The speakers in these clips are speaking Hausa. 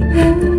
嗯。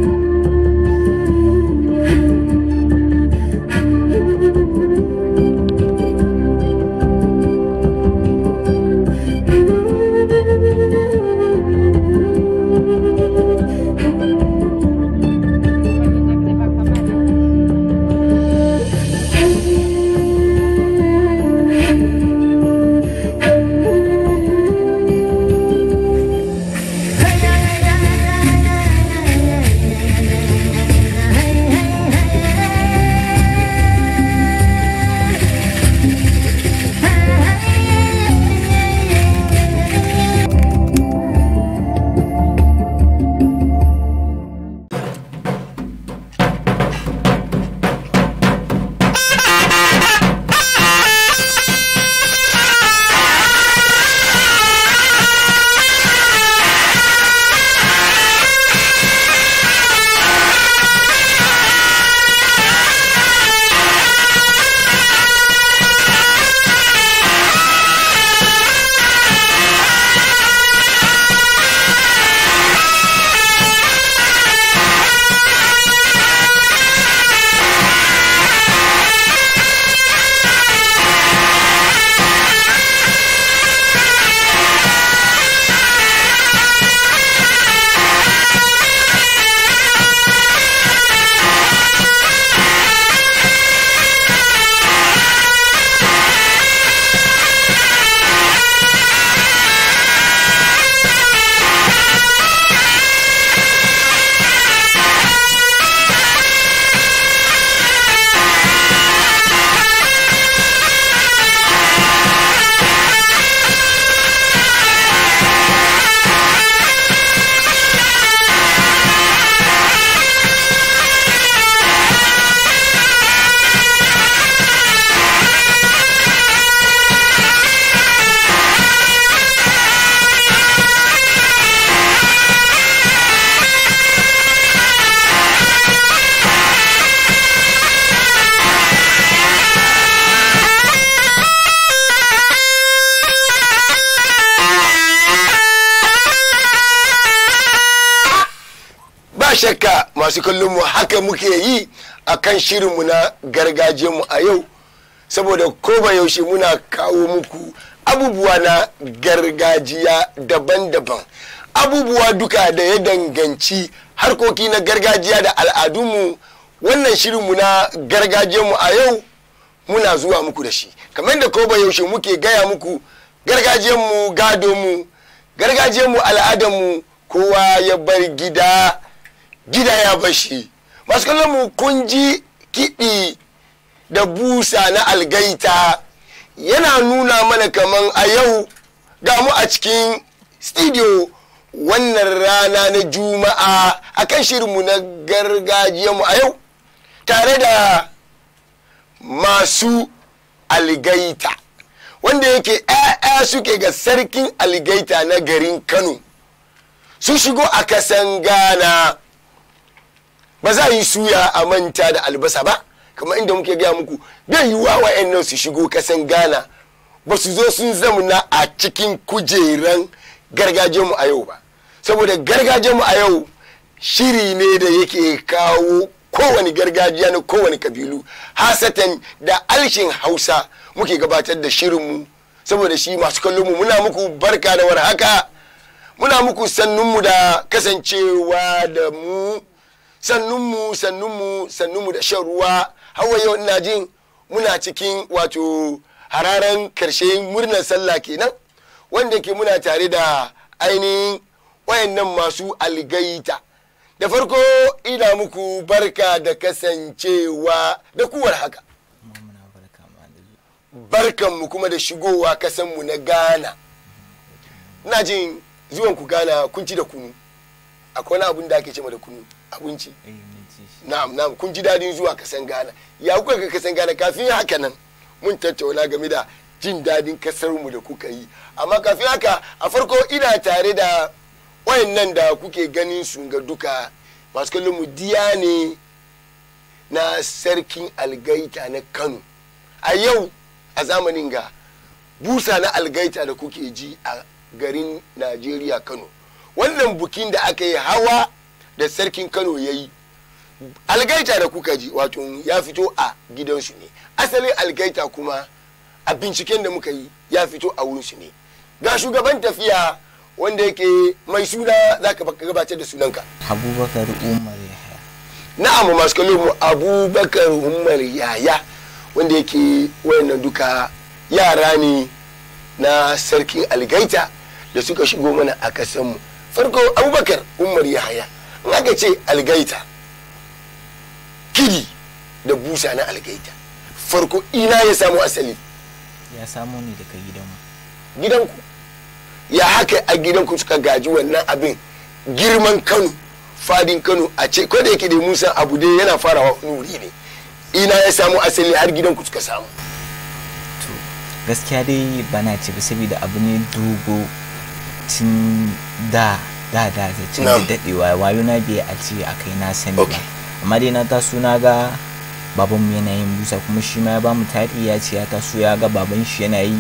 masu kallon mu haka muke yi a kan shirinmu na gargajiyarmu a yau saboda ko ba yaushe muna kawo muku abubuwa na gargajiya daban-daban abubuwa duka da ya danganci harkoki na gargajiya da al'adunmu wannan shirinmu na gargajiyarmu a yau muna zuwa muku da shi kamar da ko ba yaushe muke gaya muku gargajiyarmu gadonmu gargajiyarmu al'adarmu kowa ya bar gida gida ya bashi masu kallon mu kun ji kiɗi da busa na algaita yana nuna mana kaman a yau ga mu a cikin studio wannan rana na juma'a a kan shirinmu na gargajiyarmu a yau tare da masu algaita wanda yake ɗaya suke ga sarkin algaita na garin kano su shigo a kasan ghana ba za yi suya a manta da albasa ba kamar inda muke gaya muku bai yiwuwa nan su shigo kasan ghana ba su zo sun zamuna a cikin kujeran mu a yau ba saboda gargajiyarmu a yau shiri ne da yake kawo kowane gargajiya na kowane kabilu hasatan da alshin hausa muke gabatar da shirinmu saboda shi masu kallonmu muna muku barka da warhaka muna muku sannunmu da kasancewa da mu sannunmu sannunmu sannunmu da shan ruwa hawa yau ina jin muna cikin wato hararen karshe murnar sallah kenan wanda ke muna tare da ainihin wayannan masu algaita da farko ina muku barka da kasancewa da kuwar haka barkanmu kuma da shigowa kasanmu na ghana ina jin zuwanku ghana kunci da kunu akwai wani abin da ake cewa da kunu abinci eh, na'am na'am kun ji dadin zuwa kasan gana ya kuka ka kasan gana kafin haka nan mun tattauna game da jin dadin kasar mu da kuka yi amma kafin haka a farko ina tare da wayannan da kuke ganin su ga duka masu kallon mu diya ne na sarkin algaita na Kano a yau a zamanin ga busa na algaita da kuke ji a garin Najeriya Kano wannan bukin da aka yi hawa da sarkin kano ya yi algaita da kuka ji wato ya fito a gidansu ne asalin algaita kuma a binciken da muka yi ya fito a wurinsu ne ga shugaban tafiya wanda yake mai suna za ka gabatar da sunanka abubakar umar yahya na'am masu mu abubakar umar yahya wanda yake wayannan duka yara ne na sarkin algaita da suka shigo mana a kasanmu farko abubakar umar yahaya in ka ce algaita kiri da busa na algaita farko ina ya samu asali ya samu ne daga gidanku. gidanku ya haka a gidanku suka gaji wannan abin girman kano fadin kano a ce ko da yake da musa abu dai yana farawa nuri ne ina ya samu asali har gidanku suka samu to gaskiya dai bana ce ba saboda abu ne dogo tun da da da da can da dadewa wayo na biya a ce a kai na sani ba amma dai na taso na ga baban mu yana yin busa kuma shi ma ya bamu taɗi ya ce ya taso ya ga baban shi yana yi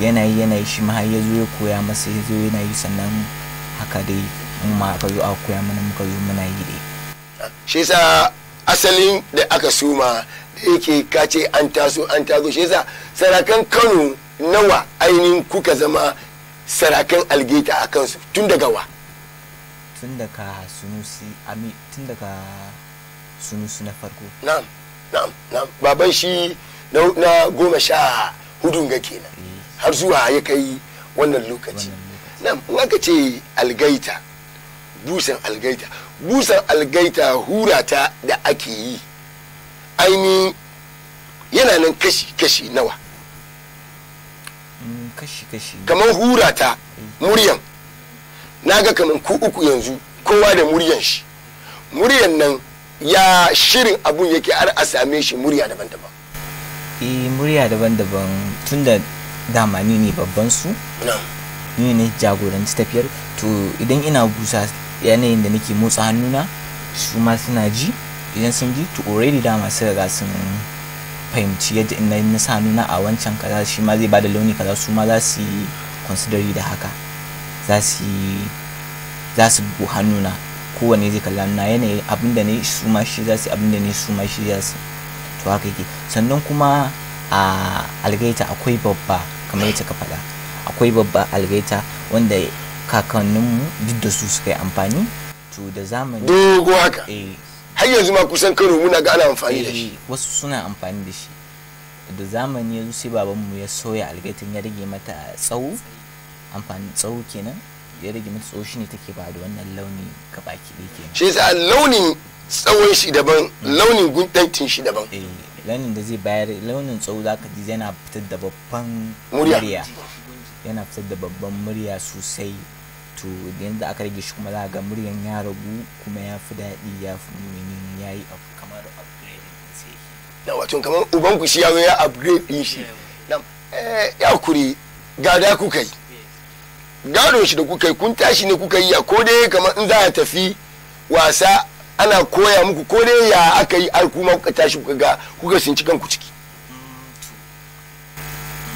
yana yi yana yi shi ma har ya zo ya koya masa ya zo yana yi sannan haka dai mun ma aka zo aka koya mana muka zo muna yi dai shi yasa asalin da aka suma da yake kace an taso an taso shi yasa sarakan Kano nawa ainihin kuka zama sarakan algeta a kansu tun daga wa tun daga sunusi ami tun daga sunusi na farko na'am na'am na'am baban shi na goma sha hudun ga kenan eh. har zuwa ya kai wannan lokaci na'am in aka ce algaita busan algaita busan algaita hurata da ake yi aini yana nan kashi-kashi nawa mm, kashi-kashi kamar hurata eh. muryan na ga kamar ku uku yanzu kowa da muryan shi muryan nan ya shirin abun yake har a same shi murya daban-daban eh murya daban-daban tun da dama ni ne babban su ni ne jagoranci tafiyar to idan ina busa yanayin da nake motsa hannuna su ma suna ji idan sun ji to already dama suka ga sun fahimci yadda ina na sa nuna a wancan kaza shi ma zai bada launi kaza su ma za su yi consideri da haka za su za hannuna kowanne zai kalla na yanayi abinda ne su ma shi za su abinda ne su ma shi za su to haka yake sannan kuma a algaita akwai babba kamar yadda ka faɗa akwai babba algaita wanda kakanninmu duk da su suka yi amfani to da zamani dogo haka eh. har yanzu ma kusan kano muna ga ana amfani da shi eh, wasu suna amfani da shi da zamani yanzu sai babanmu ya soya algaitin ya rage mata tsawo amfani tsawo kenan ya rage mata tsawo ne take ba da wannan launi ga baki ɗaya kenan shi sa launin tsawon shi daban mm. launin guntantin shi daban eh launin da zai bayar launin tsawo ka ji yana fitar da babban murya yana fitar da babban murya sosai to yanzu aka rage shi kuma za ga muryan ya ragu kuma ya fi daɗi ya fi munin ya yi abu kamar da sai wato kamar ubanku shi ya ya upgrade din shi eh, ya kuri gada kuka yi gado shi da kuka yi kun tashi ne kuka yi ya ko dai kamar in za a tafi wasa ana koya muku ko dai ya aka yi ai kuma kuka tashi kuka ga kuka ci kanku ciki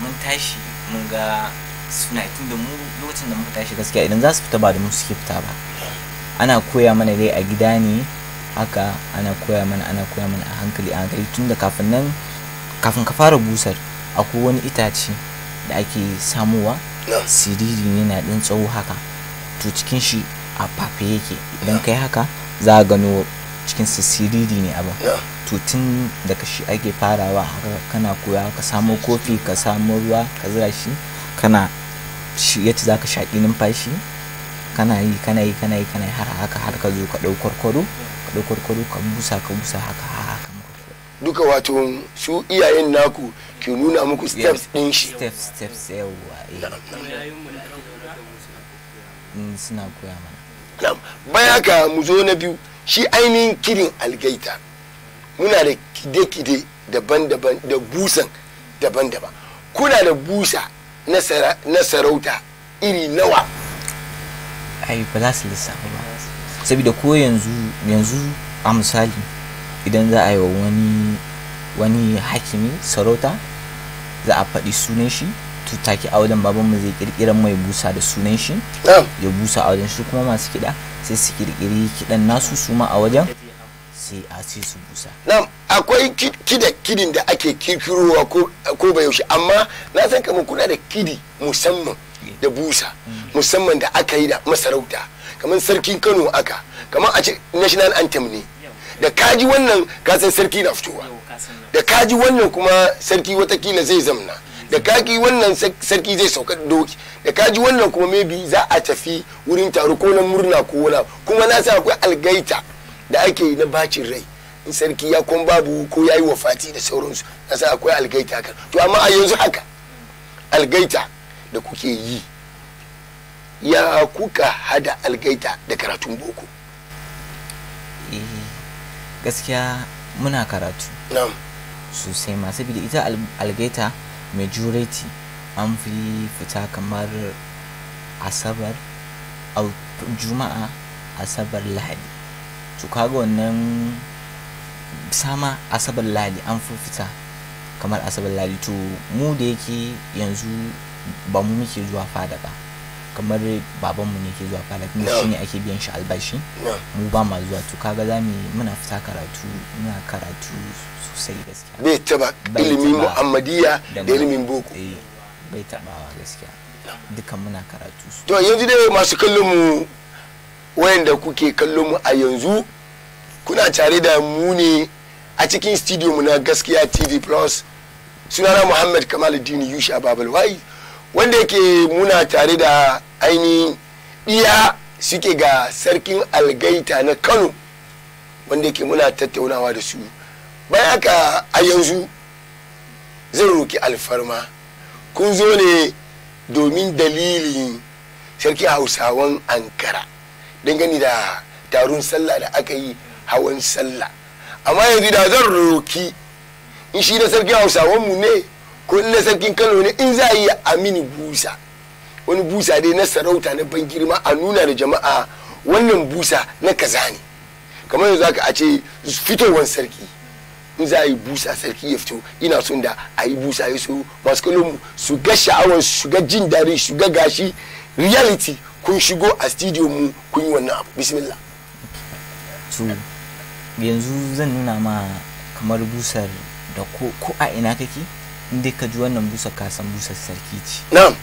mun tashi mun ga suna tun da mu lokacin da muka tashi gaskiya idan za su fita ba da mu suke fita ba ana koya mana dai a gida ne haka ana koya mana ana koya mana a hankali a hankali tun da kafin nan kafin ka fara busar akwai wani itace da ake samowa siriri ne na ɗin tsawo haka to cikin shi a fafe yake idan kai haka za a gano cikin su siriri ne abin to tun daga shi ake farawa haka kana koya ka samo kofi ka samo ruwa ka zira shi kana yace za ka shaƙi numfashi kana yi kana yi kana yi kana yi har haka har ka zo ka ɗau kwarkwaro ka ɗau kwarkwaro ka busa ka busa haka haka duka wato su iyayen naku ke nuna muku steps din shi steps steps eh. mm, suna koya mana baya ka mu zo na biyu shi ainihin kirin algaita muna da kide-kide daban-daban da busan daban-daban kuna da busa na sarauta iri nawa ai ba za su lissafa ba saboda ko yanzu yanzu a misali idan za a yi wa wani wani hakimi sarauta za a faɗi sunan shi to take a baban mu zai kirkiran mai busa da sunan shi ya busa a shi kuma masu kiɗa sai su kirkiri kiɗan nasu su ma a wajen sai a sai su busa na'am akwai kida kidin da ake kirkirowa ko ba yaushe amma na san kamar kuna da kidi musamman eh. da busa mm. musamman da aka yi da masarauta kamar sarkin kano aka kamar a ce national anthem ne da kaji wannan kasan sarki na fitowa da kaji wannan kuma sarki watakila zai zamna da kaji wannan sarki zai sauka doki da kaji wannan kuma maybe za a tafi wurin taro ko na murna ko wala kuma na sa akwai algaita da ake yi na bacin rai in sarki ya kun babu ko ya yi wafati da sauransu na sa akwai algaita haka to amma a yanzu haka algaita da kuke yi ya kuka hada algaita da karatun boko eh, gaskiya muna karatu sosai masu saboda ita algeta majority an fi fita kamar asabar juma'a asabar lahadi to kaga wannan sama asabar lahadi an fi fita kamar asabar lahadi to mu da yake yanzu ba mu muke zuwa fada ba kamar babanmu ne ke zuwa fada kuma shi ne ake biyan shi albashi mu ba ma zuwa to kaga za mu muna fita karatu muna karatu sosai gaskiya bai taba ilimin muhammadiya da ilimin boko eh, bai tabawa gaskiya dukan muna karatu su to yanzu dai masu kallon mu wayanda kuke kallon mu a yanzu kuna tare da mu ne a cikin studio mu na gaskiya tv plus sunana muhammad kamaluddin yusha babal babalwai wanda yake muna tare da ainihin iya suke ga sarkin algaita na kano wanda yake muna tattaunawa da su bayaka a yanzu zan roki alfarma kun zo ne domin dalilin sarki hausawan ankara dangane da taron sallah da aka yi hawan sallah amma yanzu da zan roki in shi na hausawan mu ne ko na sarkin kano ne in za a yi amini busa wani busa dai na sarauta na ban girma a nuna da jama'a wannan busa na kaza ne kamar yanzu aka a ce fitowar sarki in za a yi busa sarki ya fito ina son da a yi busa ya so masu mu su ga sha'awar su ga jin daɗi su ga gashi reality kun shigo a studio mu kun yi wannan abu bismillah to yanzu zan nuna ma kamar busar da ko a ina kake inda ka ji wannan busar ka san busar sarki ce na'am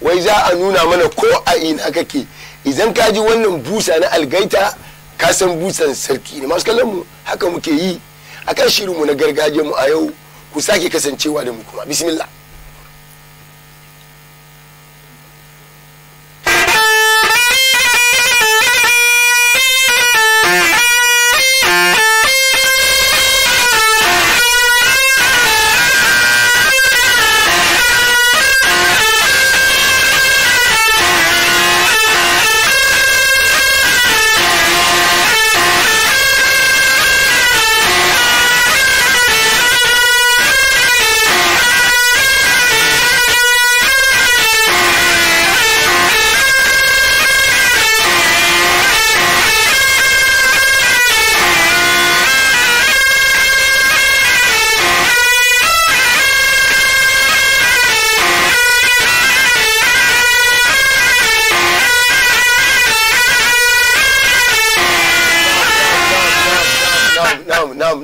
wai za a nuna mana ko a ina kake idan ka ji wannan busa na algaita ka san busan sarki ne masu kallon mu haka muke yi akan shirinmu na gargajiyarmu a yau ku sake kasancewa da mu kuma bismillah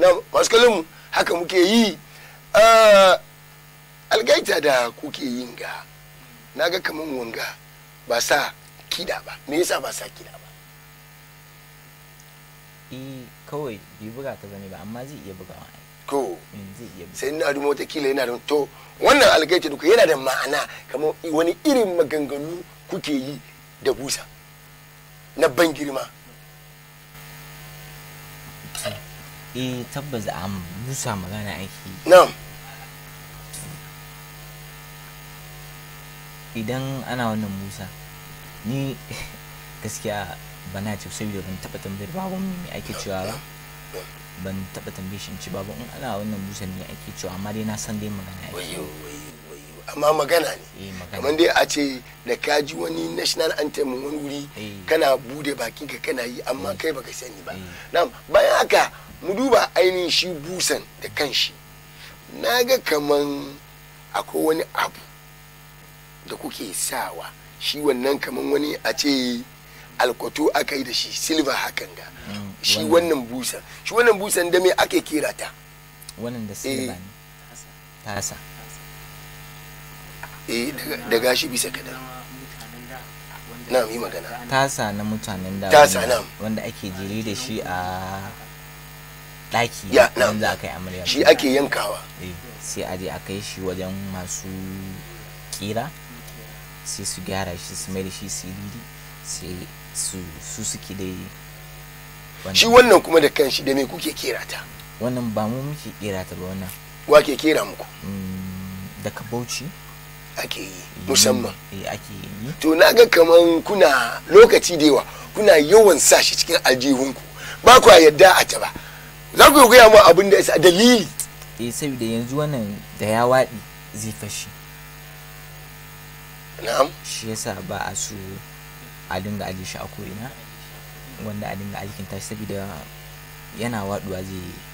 na masu kallon haka muke yi ah, algaita da kuke yin ga na ga kaman wanga ba sa kida ba me yasa ba sa kida ba eh kawai bai buga ta zane ba amma zai iya bugawa ko eh, sai na da mota kila yana da to wannan algaita duka yana da ma'ana kamar wani irin maganganu kuke yi da busa na ban girma eh tabbas a musa magana aiki na'am idan ana wannan musa ni gaskiya ba na ce saboda ban taba tambayar baban me ake cewa ba ban taba tambayar shi ci babu in ana wannan musa me ake cewa amma dai na san dai magana ake amma magana ne eh, kamar dai a ce da ka ji wani national anthem wani wuri eh. kana bude bakin ka kana yi amma eh. kai baka sani ba na bayan haka mu duba ainihin shi busan da kanshi na ga kamar akwai wani abu da kuke sawa shi wannan kaman wani a ce alkwato aka yi da shi silver hakan ga hmm, shi wannan busan shi wannan busan da me ake kira ta wannan da silver ne tasa eh da gashi bisa kadar na yi magana tasa na mutanen da tasa na wanda ake jiri da shi a daki ya na za ka yi amarya shi ake yankawa eh, sai aje a kai shi wajen masu kira sai su gyara shi su mai da shi siriri sai su suke da shi wannan kuma da kanshi da me kuke kera ta wannan ba mu muke kera ta ba wannan wa ke kera muku mm, daga bauchi ake yi musamman mm, eh, to naga ga kaman kuna lokaci da yawa kuna yawan sa shi cikin aljihunku ba ku yadda a ta ba za ku gaya mu abin da isa dalili eh saboda yanzu wannan da ya waɗi zai fashi na'am shi yasa ba a so a dinga aje shi a ko'ina wanda a dinga aikin ta saboda yana waduwa zai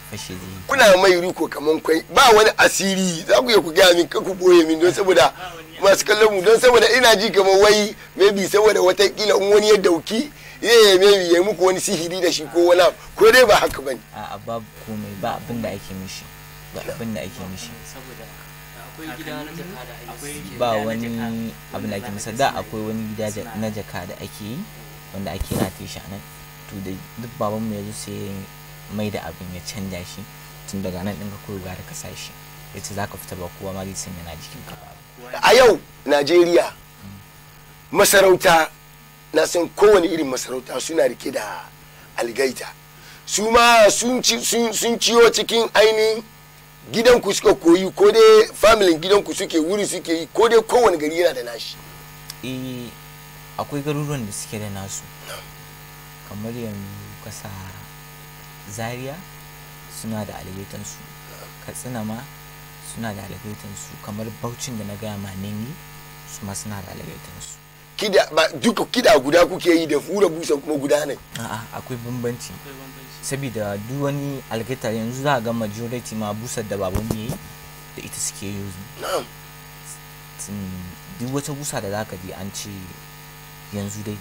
kuna mai riko kaman kwai ba wani asiri za ku iya ku gaya min ku boye min don saboda masu kallon mu don saboda ina ji kaman wai maybe saboda wata kila in wani ya dauki yaya eh, maybe ya muku wani sihiri da shi ko wala ko dai ba haka bane a ba komai ba abin da ake mishi ba abin da ake mishi ba wani abin da ake masa da akwai wani gida na jaka da ake yi wanda ake rafe shi a nan to da duk babanmu ya zo sai mai da abin ya canja shi tun daga nan ɗin ka koyi da ka sa shi ya ce za ka fita ba kowa ma zai san yana jikin ka a yau najeriya masarauta na san kowane irin masarauta suna rike da algaita su ma sun ciyo cikin ainihin gidanku suka koyi ko dai familin gidanku suke wuri suke yi ko dai kowane gari yana da nashi eh, akwai garuruwan da suke da nasu kamar yanzu kasa zaria suna da algaitansu katsina ma suna da su kamar baucin da na gaya ma ningi su ma suna da algaitansu kida ba duka kida guda kuke yi da fura busa kuma guda ne a'a akwai bambanci saboda duk wani algaita yanzu za a ga majority ma busar da babu ne da ita suke yi duk wata busa da za ka ji an ce yanzu dai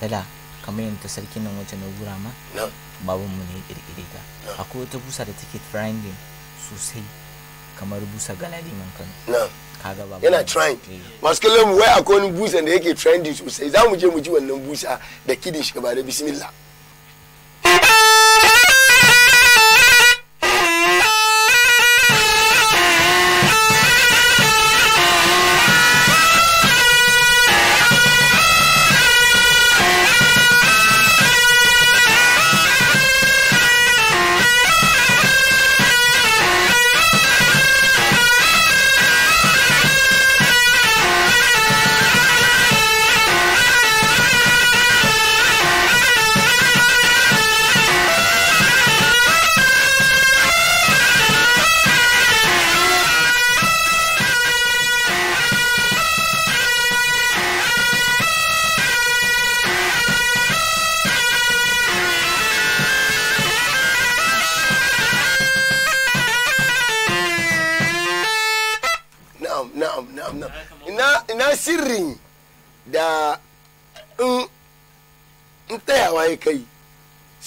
tala kamar yadda sarkin nan wajen na gura ma babu mu ne kirkire ta akwai wata busa da take grinding sosai kamar busa galadi man kano kaga babu yana trying eh. masu kallon mu wai akwai wani busa da yake trending sosai za mu je mu ji wannan busa da kidin shi gaba da bismillah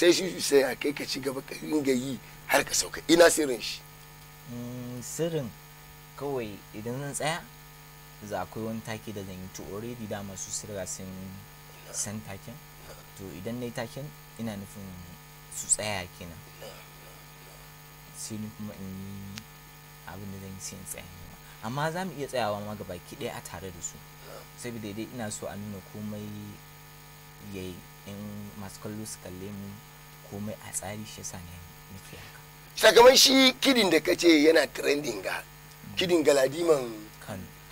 sai shi sai a kai ka ci gaba ka ringa yi har ka sauka ina sirrin shi mm, sirrin kawai idan zan tsaya za akwai wani taki da zan yi to already da masu sirra sun san taken to idan na yi taken ina nufin su tsaya kenan sai ni kuma in yi abin da zan yi sai in tsaya amma za mu iya tsayawa ma gaba ki ɗaya a tare da su saboda dai ina so a nuna komai yayi in masu kallo su kalle mu komai a tsari shi sa ne nake haka sakamakon shi kidin da kace yana trending ga kidin galadiman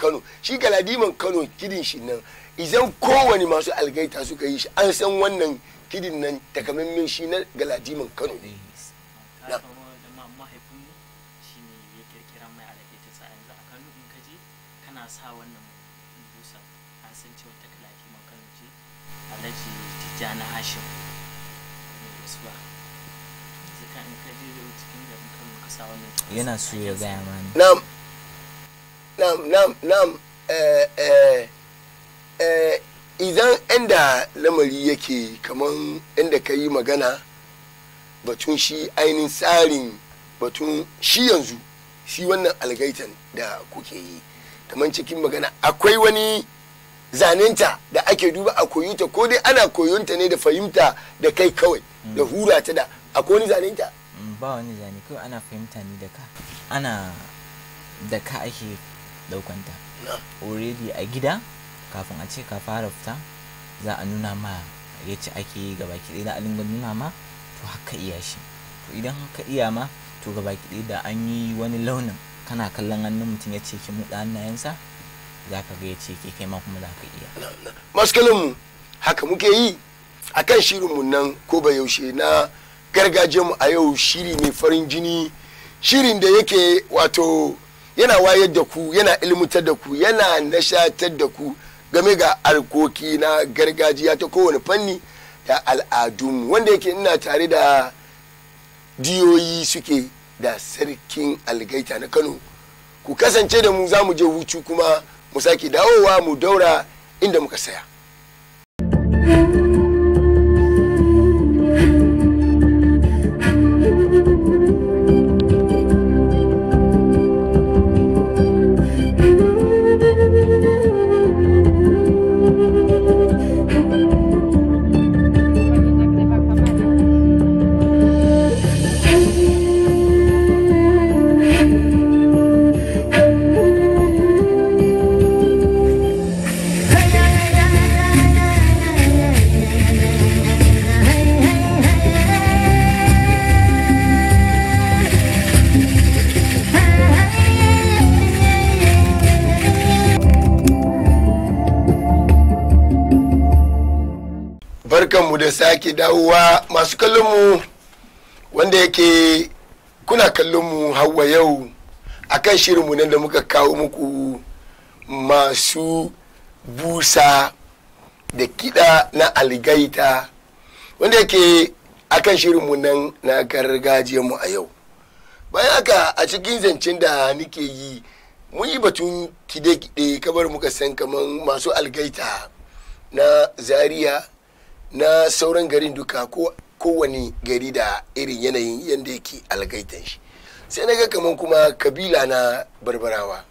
Kano shi galadiman Kano kidin shi nan idan kowane masu algaita suka yi shi an san wannan kidin nan takamaimin shi na galadiman Kano ne sa wannan busa an san cewa ta kalafi makarunci alhaji tijjani hashim asuba yana so ya gaya mani nam nam nam nam eh, eh, eh, idan inda lamari yake kaman inda ka yi magana batun shi ainihin tsarin batun shi yanzu shi wannan algaitan da kuke yi kamar cikin magana akwai wani zanenta da ake duba a koyuta ko dai ana koyonta ne da fahimta da kai kawai da hura ta da akwai wani zanen ta mm, ba wani zane kawai ana fahimta ni da ka ana da ka ake daukanta already a gida kafin a ce ka fara fita za a nuna ma ya ce ake yi gaba ki da alin nuna ma to haka iya shi to idan haka iya ma to gaba ki da an yi wani launin kana kallon hannun mutum ya ce ki muɗa hannayensa za ka ga ya ce ke kai ma kuma za ka iya masu mu haka muke yi akan shirin shirinmu nan ko ba yaushe na gargajiyarmu a yau shiri mai farin jini shirin da yake wato yana wayar da ku yana ilmutar da ku yana nashatar da ku game ga harkoki na gargajiya ta kowane fanni da al'adun wanda yake ina tare da diyoyi e suke da sarkin algaita na kano ku kasance da mu za mu je hutu kuma mu sake dawowa mu daura inda muka saya. kallon mu wanda yake kuna kallon mu hawa yau akan shirinmu nan da muka kawo muku masu busa da kiɗa na algaita wanda yake a kan shirinmu nan na mu a yau bayan haka a cikin zancen da nike yi mun yi batun kide-kide kamar muka san kamar masu algaita na zaria na sauran garin duka ko kowane gari da irin yanayin yadda yake algaitan shi sai na ga kamar kuma kabila na barbarawa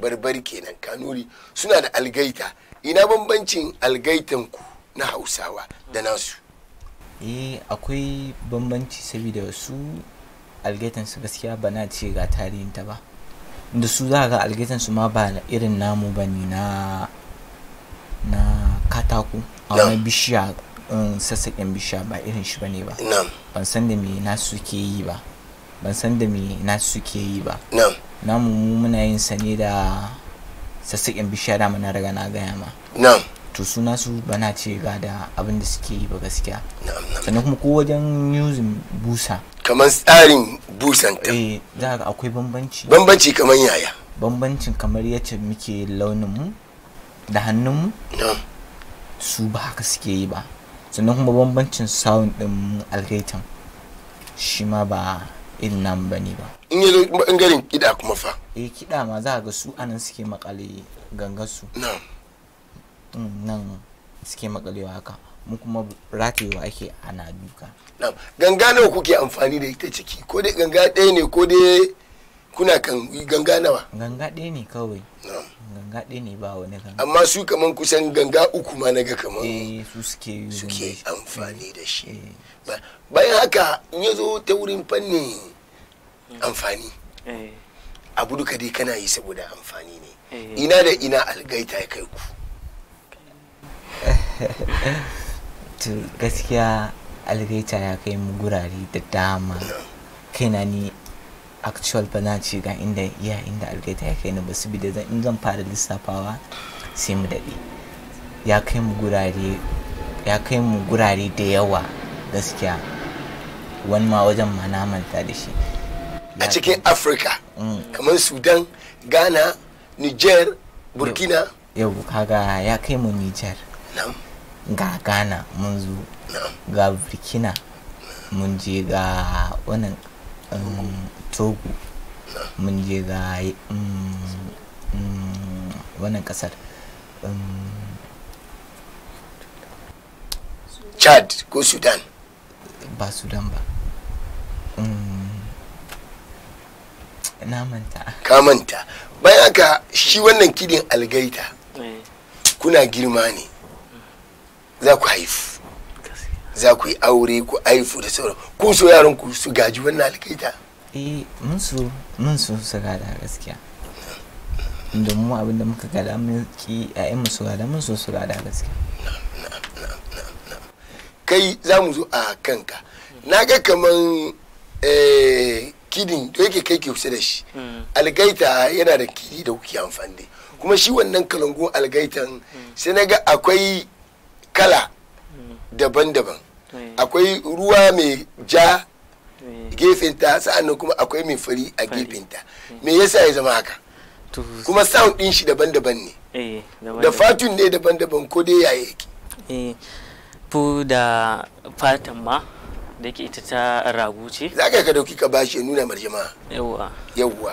barbar kenan kanuri suna da algaita ina bambancin algaitan ku na hausawa da nasu eh akwai bambanci saboda su algaitan su gaskiya ba na ce ga tarihin ta ba da su za ga algaitan su ma ba irin namu bane na na katako a wani bishiya sassaƙen bishiya ba irin shi ne ba ban san da me nasu ke yi ba ban san da me nasu ke yi ba namu mu muna yin sa ne da sassaƙen bishiya da na daga na gaya ma to su nasu bana ce ga da abin da suke yi ba gaskiya sannan kuma ko wajen yuzin busa kamar tsarin busan ta eh za ka akwai bambanci bambanci kamar yaya bambancin kamar yace muke launin mu da hannun mu su ba haka suke yi ba sannan kuma bambancin sound din algaitan shi ma ba irin nan ba ne ba in yi bangaren kiɗa kuma fa eh kiɗa ma za ga su anan suke makale gangar su mm, nan suke makalewa haka mu kuma ratewa ake ana duka ganga nawa kuke amfani da ita ciki ko dai ganga ɗaya ne ko dai kuna kan ganga nawa ganga ɗaya ne kawai ganga ɗaya ne ba wani ganga amma su kaman kusan ganga uku ma naga kaman eh, su suke suke amfani da shi eh, eh. bayan haka in ya zo ta wurin fanni amfani abu duka dai kana yi saboda amfani ne ina da ina algaita ya kai ku gaskiya algaita ya kai mu gurare da dama na ni actual bana ga inda iya inda algaita ya kai ni ba su bi da zan in zan fara lissafawa sai mu daɗe ya kai mu gurare ya kai mu gurare da yawa gaskiya wani ma wajen ma na manta da shi a cikin afirka mm. kamar sudan ghana niger burkina yau kaga ya kai mu niger ga ghana mun zo ga burkina mun je ga wannan togo mun je ga mm, mm, wannan kasar mm. chad ko sudan ba sudan ba na manta ka manta bayan haka shi wannan kidin algaita eh. kuna girma ne za ku haifu za ku yi aure ku aifu da sauran ku so yaron ku su gaji wannan alkaita eh mun so mun so su gada gaskiya inda mu abin da muka gada mun ki ƴaƴan mu su gada mun so su gada gaskiya kai za mu zo a kanka na ga kaman eh, kidin to yake kai ke kusa da shi hmm. algaita yana da kidi da kuke amfani kuma shi wannan kalangun algaitan hmm. sai na ga akwai kala daban-daban akwai ruwa mai ja gefenta sa'annan kuma akwai mai fari a gefenta me yasa ya zama haka kuma sound din shi daban-daban ne eh, da fatun ne daban-daban ko dai yaya yake fu eh, da fatan ma da ke ita ta ragu ce za ka ka dauki ka bashi ya nuna jama'a yawwa yawwa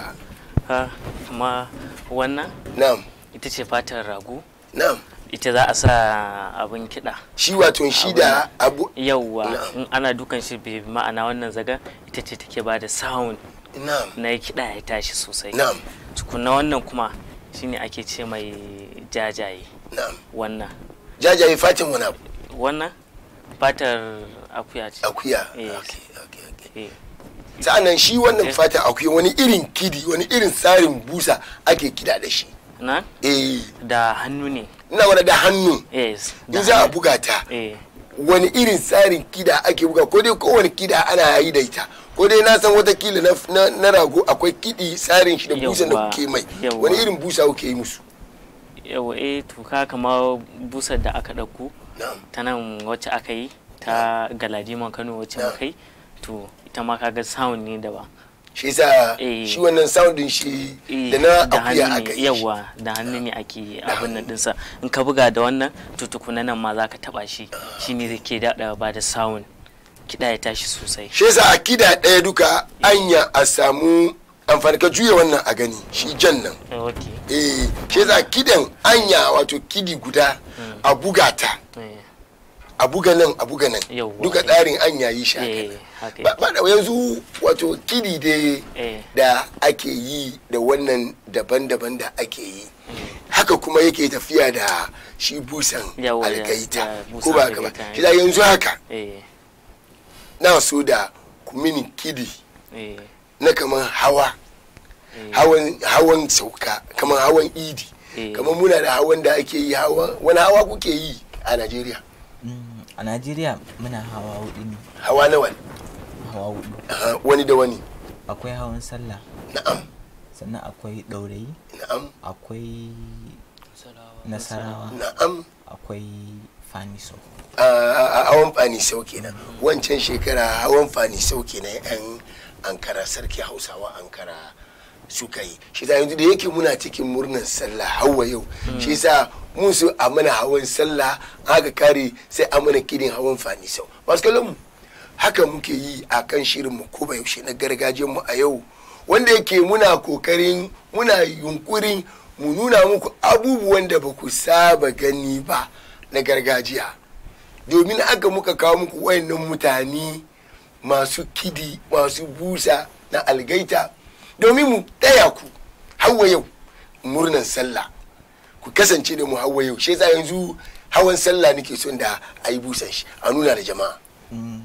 kuma wannan na'am ita ce fatan ragu na'am ita za a sa abin kiɗa shi wato shi da abu yawwa in ana dukan shi bai ma'ana wannan zaga ita ce take ba da sound na kiɗa ya tashi sosai tukunna wannan kuma shine ake ce mai jajaye wannan jajaye fatin wani abu wannan fatar akuya ce akuya eh. eh. sa'annan shi wannan eh. fatar akuya wani irin kidi wani irin tsarin busa ake kida da shi na? eh da hannu ne ina wani da hannu in za a buga ta eh. wani irin tsarin kida ake buga ko dai kowane kida ana yi da ita ko dai na san wata kila na rago akwai kidi tsarin shi da busa da kuke mai wani irin busa kuke yi musu yawa eh to ka kama busar da aka ɗauko ta nan wacce aka yi ta galadiman kano wacce aka yi to ita ma kaga sound ne da ba shi sa eh. shi wannan soundin shi eh, da na akuya aka yi yawa da hannu ne ake abin nan dinsa in ka buga da wannan tutukuna nan ma zaka taba shi shi zai ke dada ba da sound kida ya tashi sosai shi sa a kiɗa daya duka eh. anya a samu amfani ka juya wannan a gani shi jan nan eh shi sa kidan anya wato kidi guda hmm. a buga ta a buga nan a buga nan duka tsarin an yayi shi eh, ba da yanzu wato kidi da eh. da ake yi da wannan daban-daban da ake yi eh. haka kuma yake tafiya da shi busan algaita ko ba haka ba shi da yanzu haka na so da kumini kidi na kaman hawa hawan sauka kaman hawan idi kaman muna da hawan da ake yi hawa wani hawa kuke yi a najeriya a najeriya muna hawa hudu ne hawa nawa hawa hudu wani da wani akwai hawan sallah na'am sannan akwai daurayi na'am akwai nasarawa na'am akwai faniso a hawan faniso kenan wancan shekara hawan faniso kenan yan ankara sarki hausawa ankara suka yi shi yasa yanzu da yake muna cikin murnar sallah hawa yau shi sa mun su a mana hawan sallah aka kare sai a mana kidin hawan sau masu kallon mu haka muke yi a kan shirin mu ko yaushe na gargajiyar mu a yau wanda yake muna kokarin muna yunkurin mu nuna muku abubuwan da ba ku saba gani ba na gargajiya domin haka muka kawo muku wayannan mutane masu kidi masu busa na algaita domin mu taya ku hawa yau murnan sallah ku kasance da mu hawa yau shi yanzu hawan sallah nake son da a yi busan shi a nuna da jama'a mm.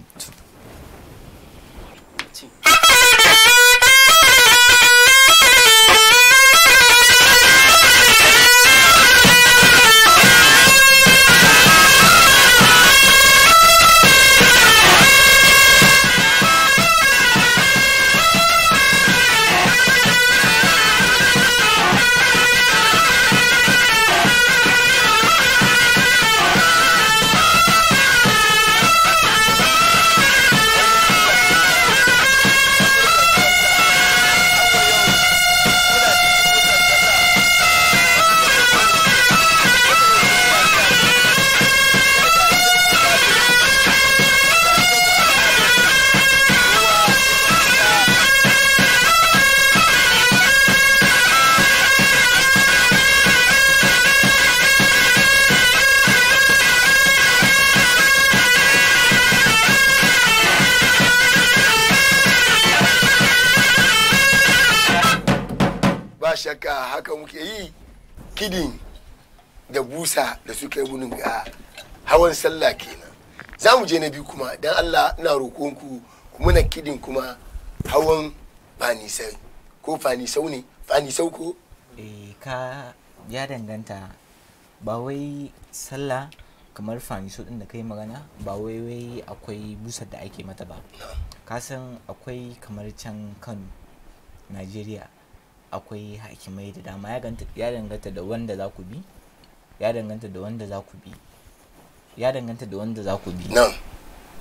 ibn ga hawan sallah kenan za mu je na biyu kuma dan Allah ina roƙonku ku muna kidin kuma hawan sai ko sau ne sau ko eh ka ya danganta ba wai sallah kamar sau din da kai magana ba wai wai akwai busar da ake mata ba ka san akwai kamar can Kano Najeriya akwai hakimai da dama ya danganta da wanda za ku bi ya danganta da wanda za ku bi ya danganta da wanda za ku bi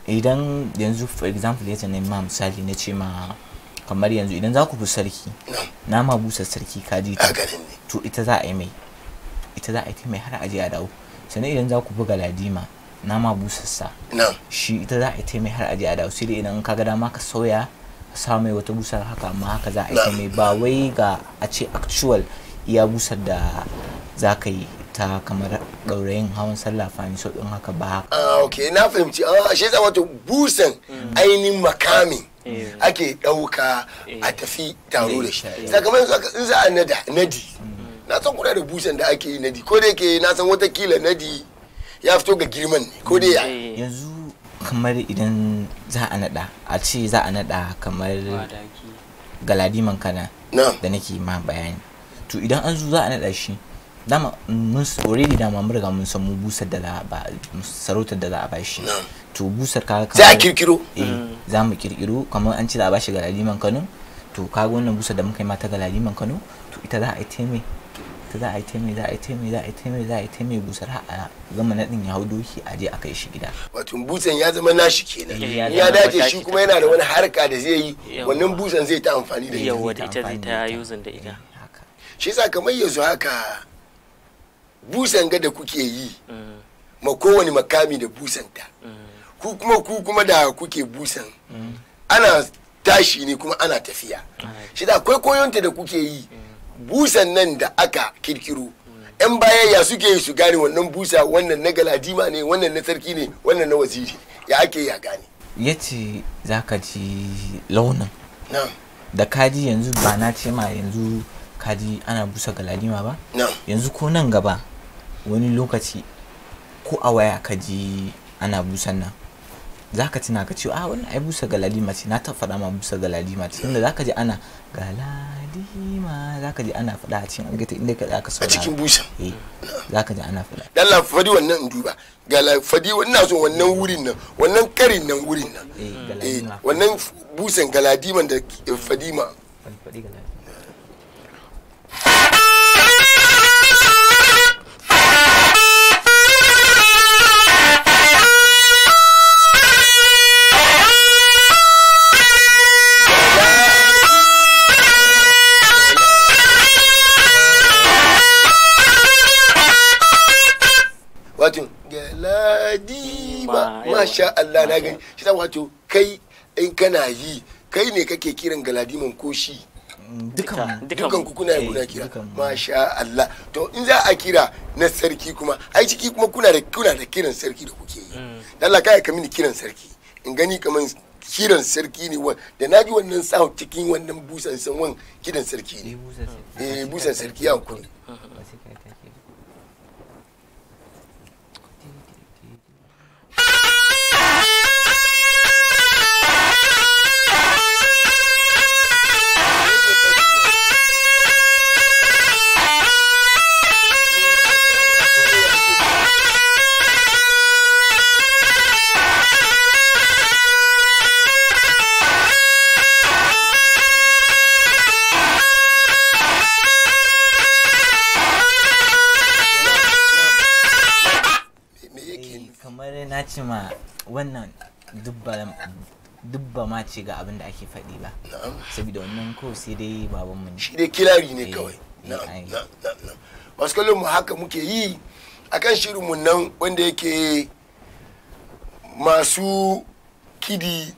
idan yanzu for example ya tanayi ma misali na ce ma kamar yanzu idan za ku fi sarki na ma busa sarki kaji ta to ita za a yi mai ita za a yi mai har aje a dawo sannan idan za ku buga ladima na ma sa shi ita za a yi mai har aje a dawo sai dai idan ka ga dama ka sauya ka sa mai wata busar haka amma haka za a yi mai ba wai ga a ce actual iya busar da za ka yi ta kamar ɗaurayin hawan sallah fani so din haka ba haka. Ah, ok na fahimci ah, ashe za wato busan mm. ainihin makamin eh. ake ɗauka a eh. tafi taro da shi eh. sakamakon in za a nada nadi mm. na san kuna da busan da ake yi nadi ko da yake na san watakila nadi ya fito ga girman ne ko da ya yanzu kamar idan za a nada a ce za a nada kamar galadiman kana da nake ma bayani to idan an zo za a nada shi dama mun already da mun riga mun san mu busar da za sarautar da za a bashi to busar ka za a kirkiro eh mm. za mu kirkiro kamar an ce za a bashi galadiman Kano to kaga wannan busar da muka yi mata galadiman Kano to ita za a yi taimai ta za a yi taimai za a yi taimai za a yi taimai za a yi taimai busar har a gama nadin ya hau doki a je a kai shi gida. wato busan ya zama nashi kenan eh, ya dace shi kuma yana da wani harka da zai yi wannan busan zai ta amfani da ita. yawa da ita zai ta yuzin da ita. Eh, shi yasa kamar yanzu haka busan ga da kuke yi mm. ma kowane makami da busanta mm. ku kuma ku kuma da kuke busan mm. ana tashi ne kuma ana tafiya shi da akwai koyonta da kuke yi busan nan da aka kirkiro yan bayayya suke yi su gane wannan busa wannan na galadima ne wannan na sarki ne wannan na waziri ya ake ya gane ya ce za ka ji launin da kaji yanzu ba na ce ma yanzu kaji ana busa galadima ba yanzu ko nan gaba wani lokaci ko a waya ka ji ana busan nan za ka tuna ka ce a ah, wannan ai busa galadima ce na ta faɗa ma busa galadima ce inda za ka ji ana galadima za ka ji ana faɗa a cikin angata inda ka ka saurara a cikin busa eh, za ka ji ana faɗa dan la fadi wannan in duba gala wannan so wannan wurin nan wannan karin nan wurin nan eh, eh, wannan busan galadiman da fadima fadi masha Allah na gani shi wato kai in kana yi kai ne kake kiran galadiman ko shi dukan dukan ku kuna kuna eh, kira masha Allah to in za a kira na sarki kuma ai ciki kuma kuna da kuna da kiran sarki da kuke yi mm. Allah kai ka mini kiran sarki in gani kaman kiran sarki ne da naji wannan sound cikin wannan busan sanwan kiran sarki ne eh busan sarki eh, ya kun. ci ma wannan dubba ma ce ga abin da ake faɗi ba saboda wannan ko sai dai baban mu ne shi dai kilari ne eh, kawai eh, masu kallon mu haka muke yi akan shirin mu nan wanda yake masu kidi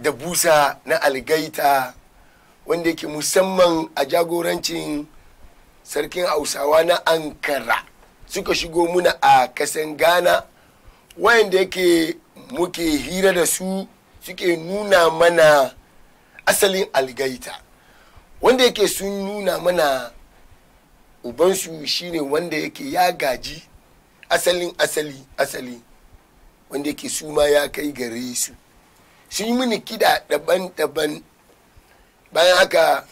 da busa na algaita wanda yake musamman a jagorancin sarkin hausawa na ankara suka shigo muna a kasan ghana wayanda yake muke hira da su suke nuna mana asalin algaita wanda yake sun nuna mana ubansu shine wanda yake ya gaji asalin asali asali wanda yake su ma ya kai gare su sun yi mini kida daban-daban bayan haka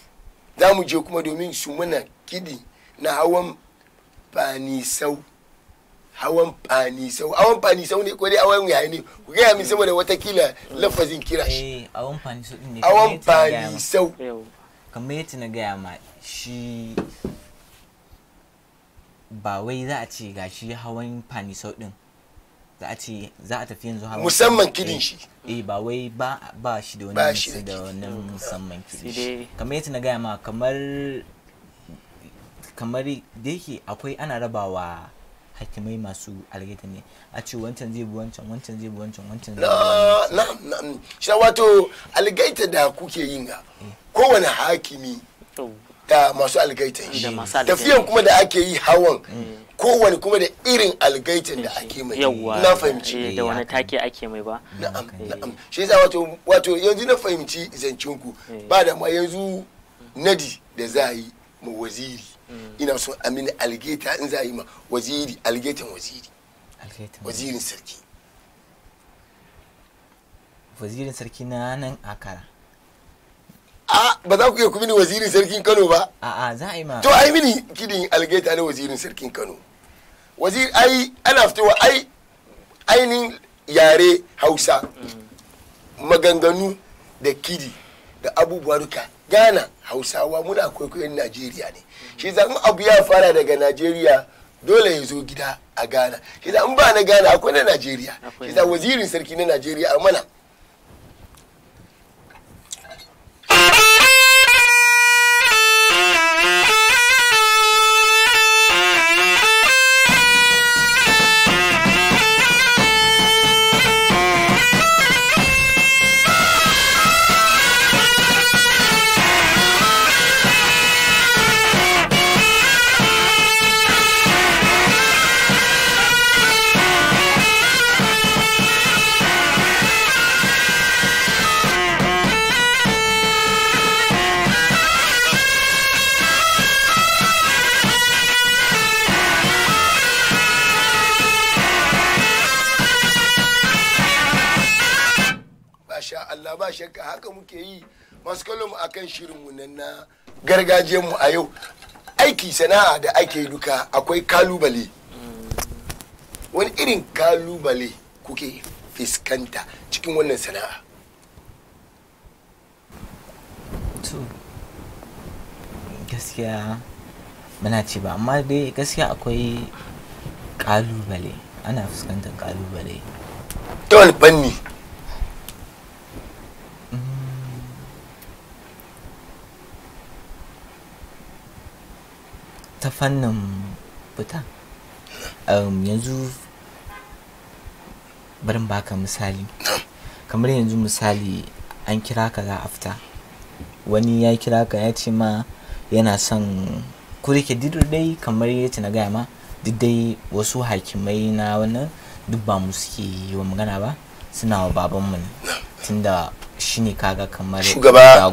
za mu je kuma domin su mana kidi na hawan sau. hawan fanisau hawan fanisau ne kodai dai hawan yayi ne ku gaya min saboda watakila lafazin kira shi eh, hawan fanisau ne fanisau kamar yadda na gaya ma shi ba wai za a ce ga shi hawan fanisau din za a ce za a tafi yanzu hawan musamman kidin shi eh ba wai ba shi da wani da wani musamman kidin shi kamar yadda na gaya ma kamar kamar da yake akwai ana rabawa hakimai masu algaita ne a ce wancan zai bi wancan wancan zai bi wancan wancan zai na na shi wato algaita da kuke yin ga eh. kowane hakimi da masu algaitan shi tafiyan kuma da ake yi hawan mm. kowane kuma da irin algaitan da ake mai na fahimci eh, da wani take ake mai ba na'am na'am shi yasa wato wato yanzu na fahimci zancen ku eh. ba da ma yanzu nadi da za a yi mu waziri Mm. ina son a mini algeta in za a yi ma waziri algetan waziri wazirin sarki wazirin sarki na nan akara a ba za ku iya ku wazirin sarkin kano ba a a za a yi ma to yi mini kidin algeta na wazirin sarkin kano wazir ai ana fitowa ai ainihin yare hausa mm. maganganu da kidi da abubuwa duka gana. hausawa muna kwaikwayon najeriya ne shi zan abu ya fara daga najeriya dole ya zo gida a ghana shi za ba na ghana akwai na najeriya shi wazirin sarki na najeriya a mana gargajiyar mu a yau aiki sana'a da ake duka akwai kalubale wani irin kalubale kuke fiskanta cikin wannan sana'a gaskiya muna ce ba amma dai gaskiya akwai kalubale ana fuskantar kalubale ta wani fanni ta fannin fita um, yanzu barin baka misali kamar yanzu misali an kira ka za a fita wani ya kira ka ya ce ma yana son kurike dai kamar ya ce na gaya ma dai wasu hakimai na wannan duk ba suke yi wa magana ba suna wa babanmu ne tunda shi ne kaga kamar shugaba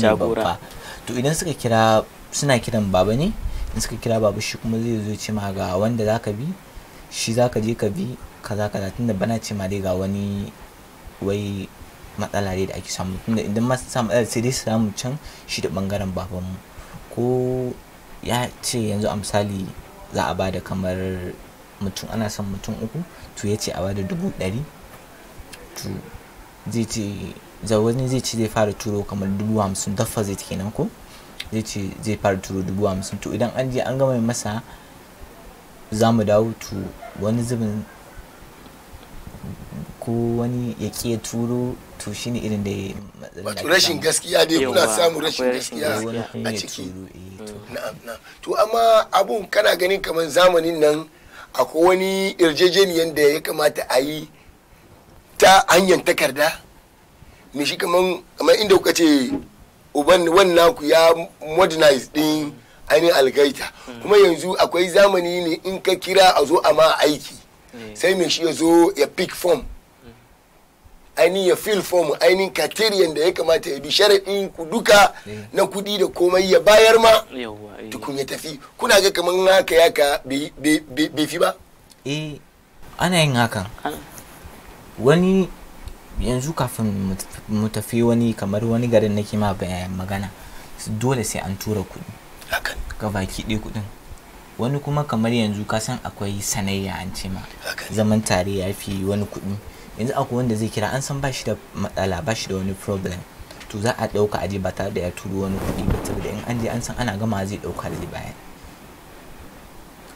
jagora eh, to idan suka kira suna kiran baba ne in suka kira babu shi kuma zai zo ce ma ga wanda za bi shi za ka je ka bi kaza kaza tunda bana ce ma dai ga wani wai matsala dai da ake samu tunda idan ma sa samu matsala sai dai su samu can shi da bangaren babanmu ko ya ce yanzu a misali za a bada kamar mutum ana son mutum uku to ya ce a bada dubu ɗari to zai ce zai ce zai fara turo kamar dubu hamsin dafa zai kenan ko zai ce zai fara turo dubu hamsin to idan an je an gama masa za mu dawo to wani zubin ko wani ya ke turo to shi ne irin da ya wato rashin gaskiya dai kuna samun rashin gaskiya a ciki eh, mm, to amma abun kana ganin kamar zamanin nan akwai wani yarjejeniyar da ya kamata a yi ta hanyar takarda me shi kamar inda kuka ce uban wannan ku ya modernize din ainihin algaita kuma yanzu akwai zamani ne in ka kira a zo a ma aiki sai mai shi ya zo ya pick form ainihin ya fill form ainihin criterion da ya kamata ya bi sharaɗin ku duka na kudi da komai ya bayar ma eh. tukun ya tafi kuna ga kamar haka ya ka bai fi ba eh ana yin hakan wani yanzu kafin mu tafi wani kamar wani garin nake ma eh, magana dole sai an tura kuɗi ga baki ɗaya kuɗin wani kuma kamar yanzu ka san akwai sanayya an ce ma zaman tare ya fi wani kuɗi yanzu akwai wanda zai kira an san ba shi da matsala ba shi da wani problem to za a ɗauka aje ba tare da ya turo wani kuɗi ba saboda in an je an san ana gama zai ɗauka zai bayan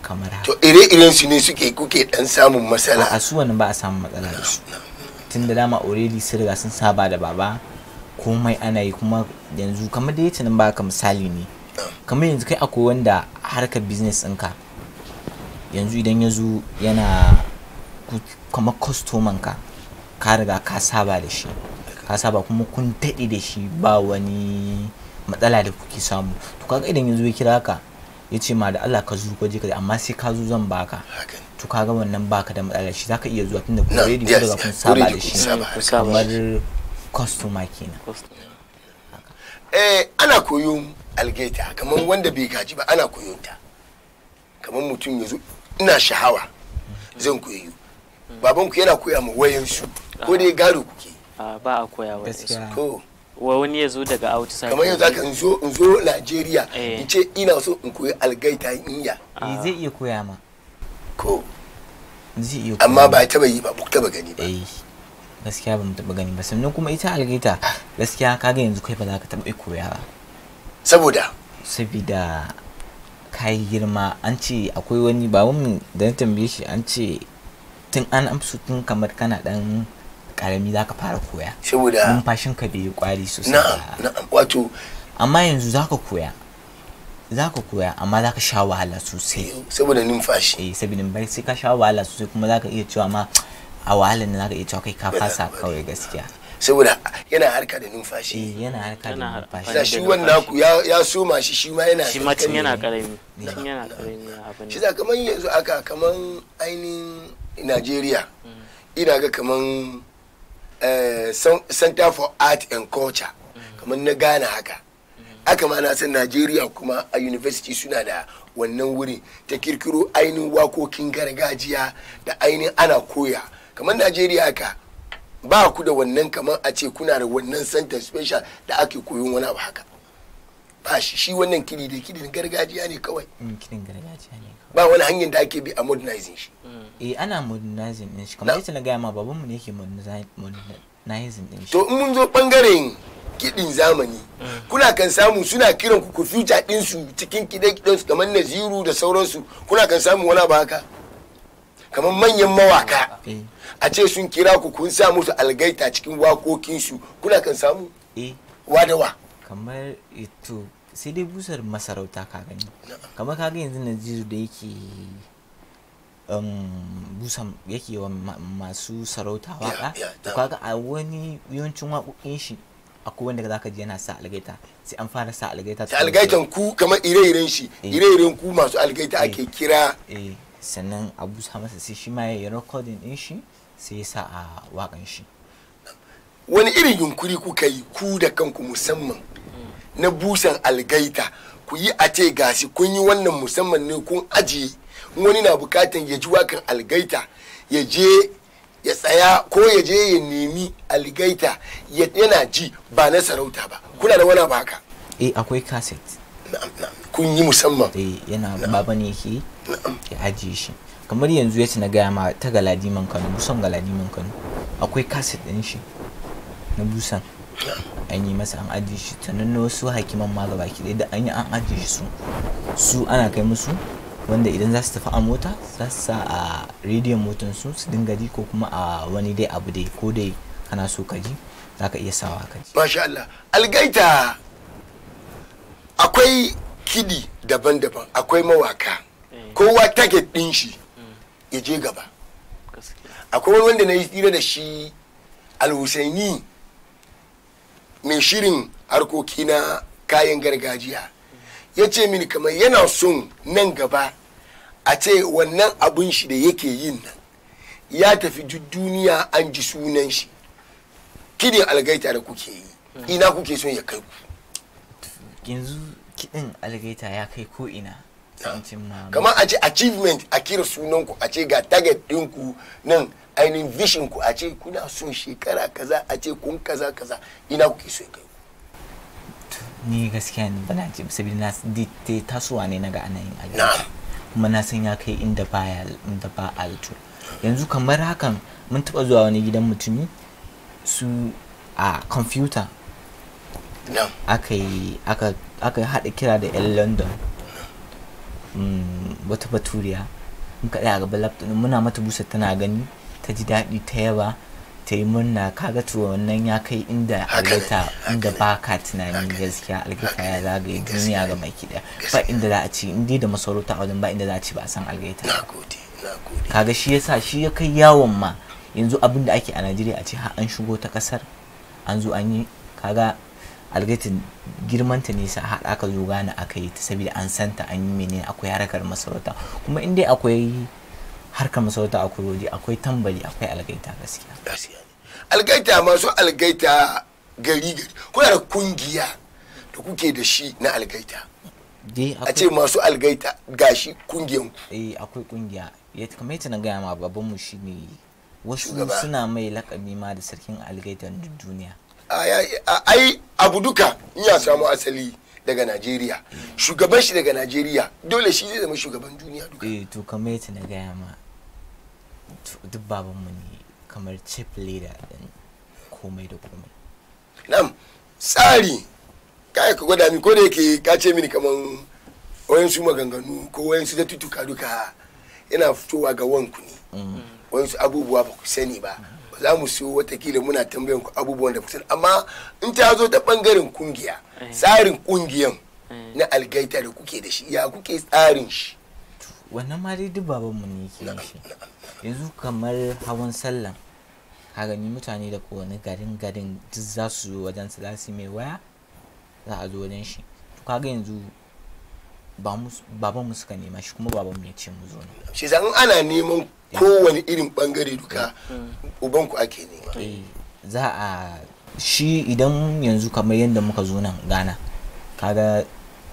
kamar to ire-iren su ne suke kuke dan samun matsala a su wani ba a samun matsala da su tun da dama already sun riga sun saba da baba komai ana yi kuma yanzu kamar da yace nan baka misali ne kamar yanzu kai akwai wanda harkar business ɗinka yanzu idan ya zo yana kamar customer ka ka riga ka saba da shi ka saba kuma kun daɗe da shi ba wani matsala da kuke samu to kaga idan yanzu ya kira ka ya ce ma da Allah ka zo ka je ka amma sai ka zo zan baka to kaga wannan baka da matsala shi zaka iya zuwa tunda kuma radio daga kun saba da shi kamar customer kenan eh ana koyon algeta kamar wanda bai gaji ba ana koyon ta kamar mutum yazo ina shahawa zan koyi baban ku yana koya ma su ko dai ku kuke ba a koya wa ko wa wani ya zo daga outside kamar yanzu aka zo in zo Najeriya eh. in ce ina so in koyi algaita in iya eh, zai iya koya ma ko amma ba taba yi ba taba gani ba eh, gaskiya ba mu taba gani ba sannan kuma ita algaita gaskiya kaga yanzu kai ba za ka taba koya ba saboda saboda kai girma an ce akwai wani mun da na tambaye shi an ce tun an amsu tun kamar kana dan karami za ka fara koya saboda fashin ka bai yi kwari sosai na'am na'am wato amma yanzu za ka koya za ka koya amma za ka sha wahala sosai saboda numfashi eh saboda bai sai ka sha wahala sosai kuma za ka iya cewa ma a wahalar ne za ka iya cewa kai ka fasa kawai gaskiya saboda yana harka da numfashi eh, yana harka da numfashi da shi wannan ku ya soma shi shi ma yana shi ma tun yana karami eh. tun yana karami abin shi za kaman yanzu aka kaman ainihin nigeria mm. ina ga kaman eh, Center for Art and Culture mm. kaman na Ghana haka haka ma na san najeriya kuma a university suna da wannan wuri ta kirkiro ainihin wakokin gargajiya da ainihin ana koya kamar najeriya haka ba ku da wannan kamar a ce kuna da wannan center special da ake koyon wani abu haka ba shi shi wannan kiri da kiri gargajiya ne kawai mm, gargajiya ne ba wani hanyar da ake bi a modernizing shi mm. eh ana modernizing din shi kamar yadda na gaya ma babanmu ne yake modernizing din shi to in mun zo bangaren kiɗin zamani kuna kan samu suna kiran ku future future su cikin kiɗe-kiɗen su kamar naziru da sauransu kuna kan samu wani ba haka kamar manyan mawaka eh. a ce sun kira ku kun sa musu algaita cikin su kuna kan samu eh. wa kamar ito eh, sai dai busar masarauta ka gani kamar ka yanzu naziru da yake um, busan yake wa masu sarauta waka to kaga a wani yawancin waƙoƙin shi akwai wanda za ka ji yana sa algaita sai an fara sa algaita sai algaitan ku kamar ire-iren shi eh. ire-iren ku masu algaita eh. ake kira eh sannan abu sa masa sai shi ma yayi recording din shi sai ya sa a wakan shi wani irin yunkuri kuka yi ku da kanku musamman na busan algaita ku yi a ce gashi kun yi wannan musamman ne kun ajiye wani na bukatan ya ji wakan algaita ya je ya tsaya ko ya je ya nemi algaita yana ji ba na sarauta ba kuna da wani ba haka eh akwai kaset kun yi musamman eh yana baba ne yake ya ajiye shi kamar yanzu ya ci na gaya ma ta man kano busan man kano akwai kaset din shi na busan an yi masa an ajiye shi sannan wasu hakiman ma gaba ki da an yi an ajiye shi su su ana kai musu wanda idan za su tafi a mota za su sa a rediyon motan su su dinga ji ko kuma a wani dai abu dai ko dai kana so ka ji za ka iya sawa ka ji. Masha Allah algaita akwai kidi daban-daban akwai mawaka eh. kowa take ɗin shi mm. ya je gaba akwai wani wanda na yi tsira da shi alhusaini mai shirin harkoki na kayan gargajiya mm. ya ce mini kamar yana son nan gaba a ce wannan abun shi da yake yin nan ya tafi duk duniya an ji sunan shi kidin algaita da kuke yi ina kuke son ya kai ku yanzu kidin algaita ya kai ko ina kamar a ce achievement a kira sunan ku a ce ga target ɗinku nan ainihin vision ku a ce kuna son shekara kaza a ce kun kaza kaza ina kuke so ya kai ni gaskiya ne bana ce sabi na tasowa ne na ga anayin algaita kuma na san ya kai inda ba inda ba alto yanzu kamar hakan mun taba zuwa wani gidan mutumi su a computer aka yi haɗa kira da 'yan london mm, wata baturiya muka ɗaya ga laptop muna mata busa tana gani ta ji daɗi ta yaba ta yi murna kaga to wannan ya kai inda algaita inda ba ka tunanin gaskiya algaita ya zagaye duniya ga mai kiɗa ba inda za a ci inda da masarauta wajen ba inda za a ci ba a san algaita kaga shi yasa shi ya kai yawon ma yanzu abin da ake a najeriya a ce har an shigo ta kasar an zo an yi kaga algaitin girmanta ne sa har aka zo gane aka yi ta saboda an santa an yi menene akwai harkar masarauta kuma inda akwai harkar masarauta akwai rodi akwai tambari akwai algaita gaskiya algaita masu algaita gari gari kuna da kungiya da kuke da shi na algaita a ce masu algaita gashi kungiyan ku eh akwai kungiya ya kamar yadda na gaya ma baban mu shine wasu suna mai lakami ma da sarkin na duniya ai abu duka in ya samu asali daga Najeriya shugaban shi daga Najeriya dole shi zai zama shugaban duniya duka eh to kamar yadda na gaya ma duk baban ne kamar chip leader din komai da komai na'am tsari kai ka gwada mi ko da yake ka ce mini kaman su maganganu ko wayan da tutuka duka yana fitowa ga wanku ne mm. su abubuwa ba ku sani ba ba za mu so watakila muna tambayan ku abubuwan da ku sani amma in ta zo ta bangaren kungiya eh. tsarin kungiyan eh. na algaita da kuke da shi ya kuke tsarin shi wannan ma dai duk babanmu ne yake shi yanzu kamar hawan sallan ka gani mutane da kowane garin garin duk za su zo wajen salasi mai waya za a zo wajen shi to kaga yanzu baban mu suka nema shi kuma baban mu ya ce mu zo ne shi zan ana neman kowane irin bangare duka uban ku ake nema eh, za a shi idan yanzu kamar yadda muka zo nan gana kaga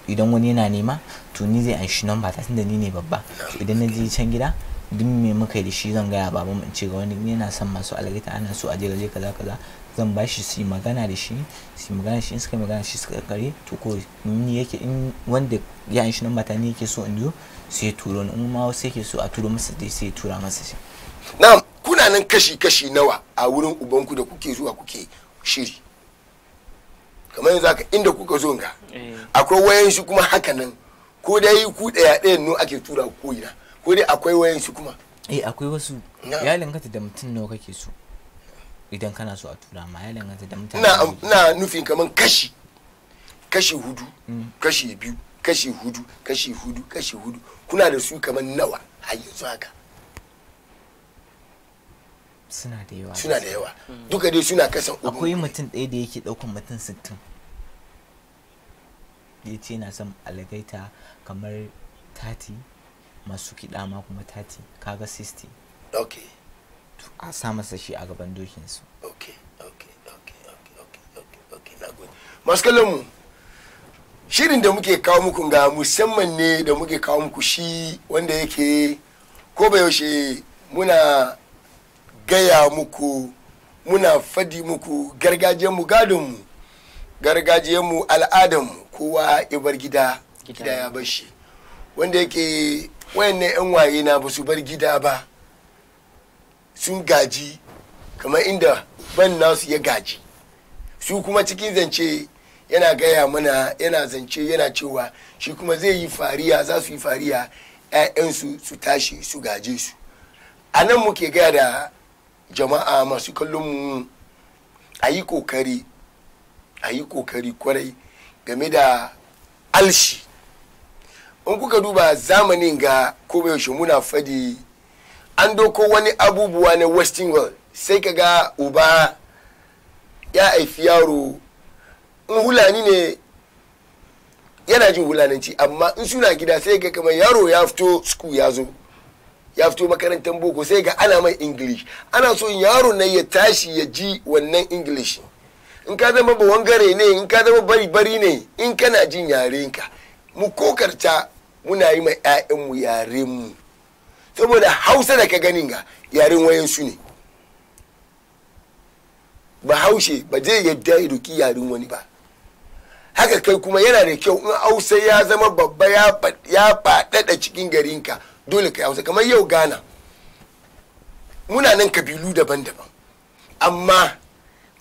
idan wani yana nema to ni zai an shi ba ta tunda ni ne babba idan na je can gida duk me muka yi da shi zan gaya baban in ce ga wani yana son masu algaita ana so a je gaje kaza kaza zan ba shi su magana da shi su magana shi suka magana shi suka kare to ko ni yake in wanda ya shi number ta ni yake so in zo sai turo ni in ma wasu yake so a turo masa dai sai tura masa shi na'am kuna nan kashi kashi nawa a wurin ubanku da kuke zuwa kuke shiri kamar yanzu haka inda kuka zo ga eh. akwai wayan shi kuma haka nan ko dai ku daya ɗayan nu ake tura ko ina ko dai akwai wayan su kuma eh akwai wasu ya langata da mutum nawa kake so idan kana so a tura ma ya langata da mutum na na nufin kaman kashi kashi hudu mm. kashi biyu kashi hudu kashi hudu kashi hudu kuna da su kaman nawa har yanzu haka suna da yawa suna da yawa mm. duka dai suna kasan akwai mutum ɗaya da yake ɗaukan mutum sittin ya ce na son algaita kamar 30 masu kiɗa ma kuma 30 kaga 60 ok a sa masa shi a gaban dokinsu ok ok ok ok ok ok ok na gode masu kallon mu shirin da muke kawo muku ga musamman ne da muke kawo muku shi wanda yake ko ba yaushe muna gaya muku muna fadi muku gargajiyar mu al'adar mu kowa ya bar gida gida ya bar shi wanda yake wayannan yan waye na ba su bar gida ba sun gaji kamar inda ban nasu ya gaji su kuma cikin zance yana gaya mana yana zance yana cewa shi kuma zai yi fariya za su yi fariya 'ya'yansu su tashi su gaje su a nan muke gaya da jama'a masu kallon mu a yi kokari a yi kokari kwarai game da alshi in kuka duba zamanin ga ko yaushe muna fadi an doko wani abubuwa na western world sai ka ga uba ya haifi yaro in hulani ne yana jin hulananci amma in suna gida sai ga kamar yaro ya fito school ya zo ya fito makarantar boko sai ga ana mai english ana so yaro na ya tashi ya ji wannan english in ka zama ba wangare ne in ka zama bari bari ne in kana jin yarenka mu kokarta muna yi ma mu yaren mu saboda hausa da ka ganin ga yaren wayansu ne ba haushe ba zai yadda ya doki yaren wani ba haka kai kuma yana da kyau in hausa ya zama babba ya faɗaɗa cikin garinka dole ka hausa kamar yau gana muna nan kabilu daban-daban amma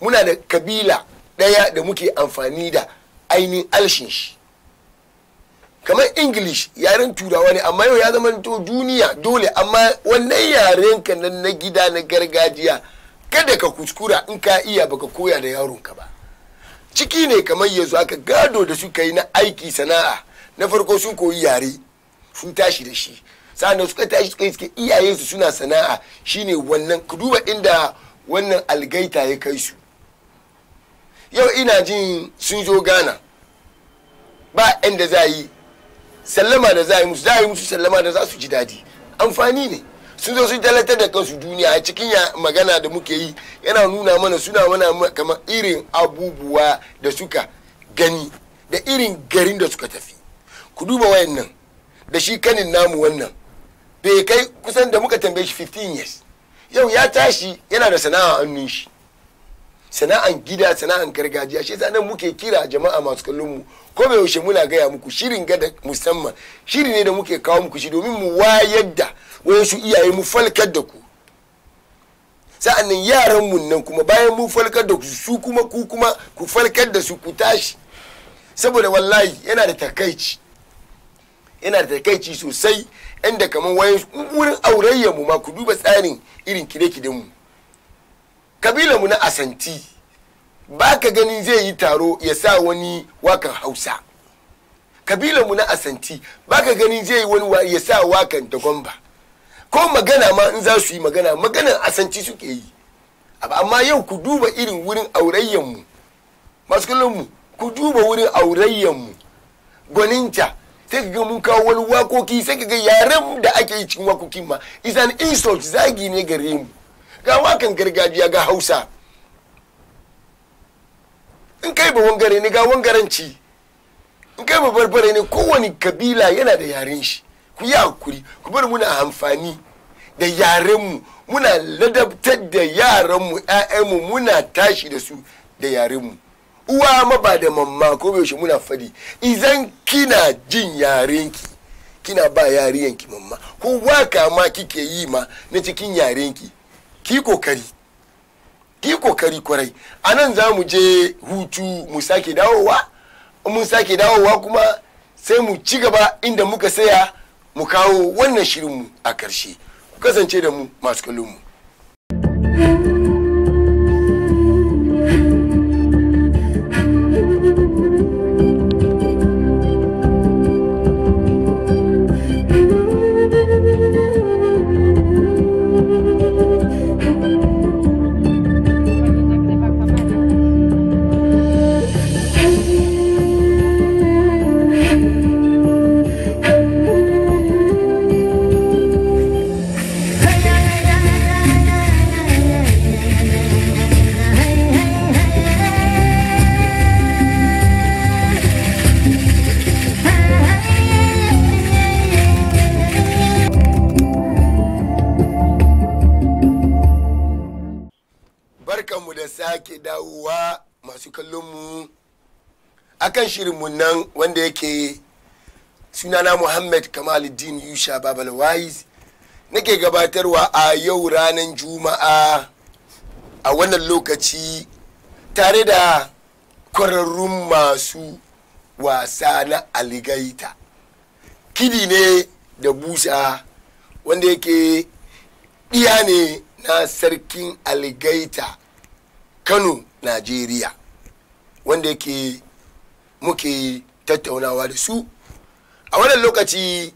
muna da kabila ɗaya da muke amfani da ainihin alshin shi kamar english yaren turawa ne amma yau ya zama to duniya dole amma wannan yaren ka nan na gida na gargajiya kada ka kuskura in ka iya baka koya da yaronka ba ciki ne kamar yanzu aka gado da suka yi na aiki sana'a na farko sun koyi yare sun tashi da shi sa'an suka tashi suka suke iyayensu suna sana'a shine wannan ku duba inda wannan algaita ya kai su yau ina jin sun zo gana ba inda za yi sallama da za yi musu za yi musu sallama da za su ji daɗi amfani ne sun zo sun talatar da kansu duniya a cikin magana da muke yi yana nuna mana suna mana kamar irin abubuwa da suka gani da irin garin da suka tafi ku duba wayannan da shi kanin namu wannan bai kai kusan da muka tambaye shi 15 years yau ya tashi yana da sana'a hannun shi sana'an gida sana'an gargajiya shi sanan muke kira jama'a masu kallon mu ko bai yaushe muna gaya muku shirin gada musamman shiri ne da muke kawo muku shi domin mu wayar da wasu iyaye mu falkar da ku nan yaran mun nan kuma bayan mu falkar da ku su kuma ku kuma ku falkar da su ku tashi saboda wallahi yana da takaici yana da takaici sosai inda kamar wayan wurin aurayya mu ma ku duba tsarin irin kide kidenmu mu kabila mu na asanti ba ka gani zai yi taro ya sa wani wakan hausa kabila mu na asanti baka ka gani zai yi wani ya sa wakan tagomba ko magana ma in za su yi magana maganan asanti suke yi amma yau ku duba irin wurin aurayyanmu maskulinmu ku duba wurin aurayyanmu gwaninta sai ga mun kawo wani wakoki sai ka ga yaren da ake yi cikin wakokin ma isan insult zagi ne gare mu ga wakan gargajiya ga hausa in kai ba wangare ne ga wangaranci in kai ba barbare ne kowane kabila yana da yaren shi ku yi hakuri ku bar muna amfani da yarenmu muna ladabtar da yaranmu 'ya'yanmu muna tashi da su da yarenmu uwa ma ba da mamma ko yaushe muna fadi idan kina jin yarenki kina ba yarenki mamma ko waka ma kike yi ma na cikin yarenki ki kokari ki kokari kwarai a nan za mu je hutu mu sake dawowa mun sake dawowa kuma sai mu ci gaba inda muka saya mu kawo wannan shirin mu a ƙarshe ku kasance da mu masu kallon mu sake dawowa masu kallon mu akan mu nan wanda yake sunana muhammad kamaluddin yusha babal wise nake gabatarwa a yau ranar juma'a a wannan lokaci tare da kwararrun masu wasa na aligaita kidi ne da busa wanda yake iya ne na sarkin aligaita kano najeriya wanda yake muke tattaunawa da su a wannan lokaci